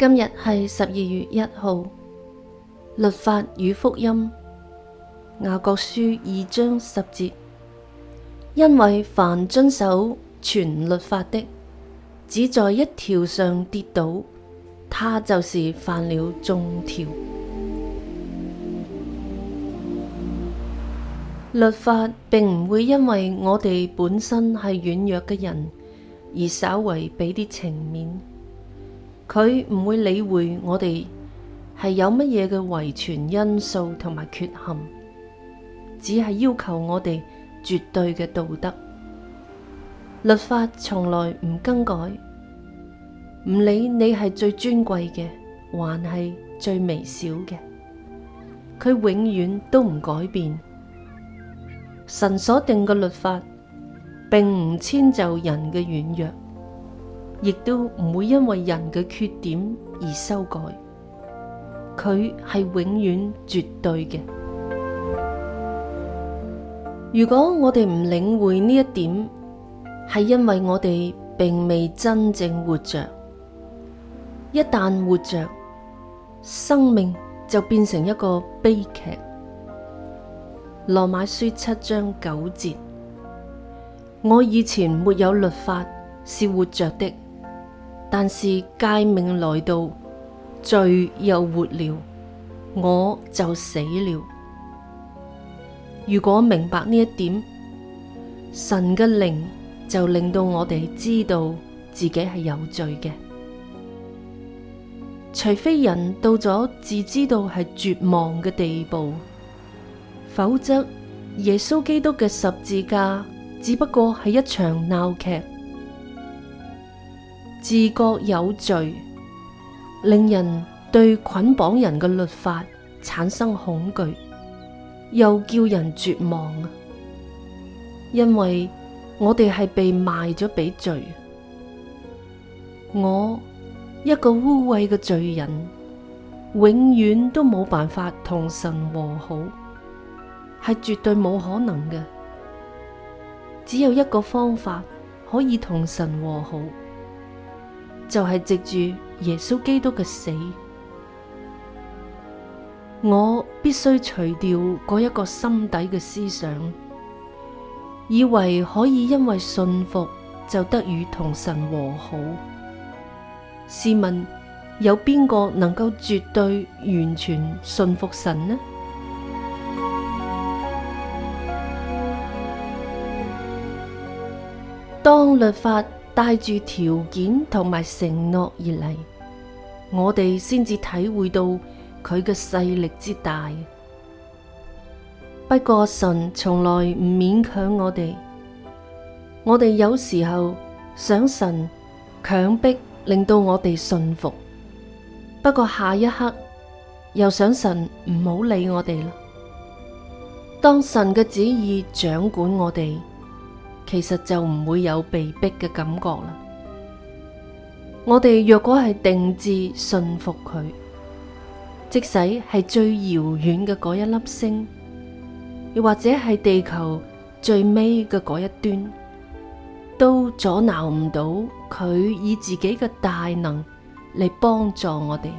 今日係十二月一號，律法與福音，雅各書二章十節。因為凡遵守全律法的，只在一條上跌倒，他就是犯了眾條。律法並唔會因為我哋本身係軟弱嘅人，而稍為畀啲情面。佢唔會理會我哋係有乜嘢嘅遺傳因素同埋缺陷，只係要求我哋絕對嘅道德。律法從來唔更改，唔理你係最尊貴嘅，還係最微小嘅，佢永遠都唔改變。神所定嘅律法，並唔遷就人嘅軟弱。亦都唔會因為人嘅缺點而修改，佢係永遠絕對嘅。如果我哋唔領會呢一點，係因為我哋並未真正活着。一旦活着，生命就變成一個悲劇。羅馬書七章九節，我以前沒有律法，是活着的。但是誡命來到，罪又活了，我就死了。如果明白呢一點，神嘅靈就令到我哋知道自己係有罪嘅，除非人到咗自知道係絕望嘅地步，否則耶穌基督嘅十字架只不過係一場鬧劇。自覺有罪，令人對捆綁人嘅律法產生恐懼，又叫人絕望。因為我哋係被賣咗俾罪，我一個污穢嘅罪人，永遠都冇辦法同神和好，係絕對冇可能嘅。只有一個方法可以同神和好。就係藉住耶穌基督嘅死，我必須除掉嗰一個心底嘅思想，以為可以因為信服就得以同神和好。試問有邊個能夠絕對完全信服神呢？當律法帶住條件同埋承諾而嚟，我哋先至體會到佢嘅勢力之大。不過神從來唔勉強我哋，我哋有時候想神強迫令到我哋信服。不過下一刻又想神唔好理我哋啦。當神嘅旨意掌管我哋。其實就唔會有被迫嘅感覺啦。我哋若果係定制順服佢，即使係最遙遠嘅嗰一粒星，又或者係地球最尾嘅嗰一端，都阻撓唔到佢以自己嘅大能嚟幫助我哋。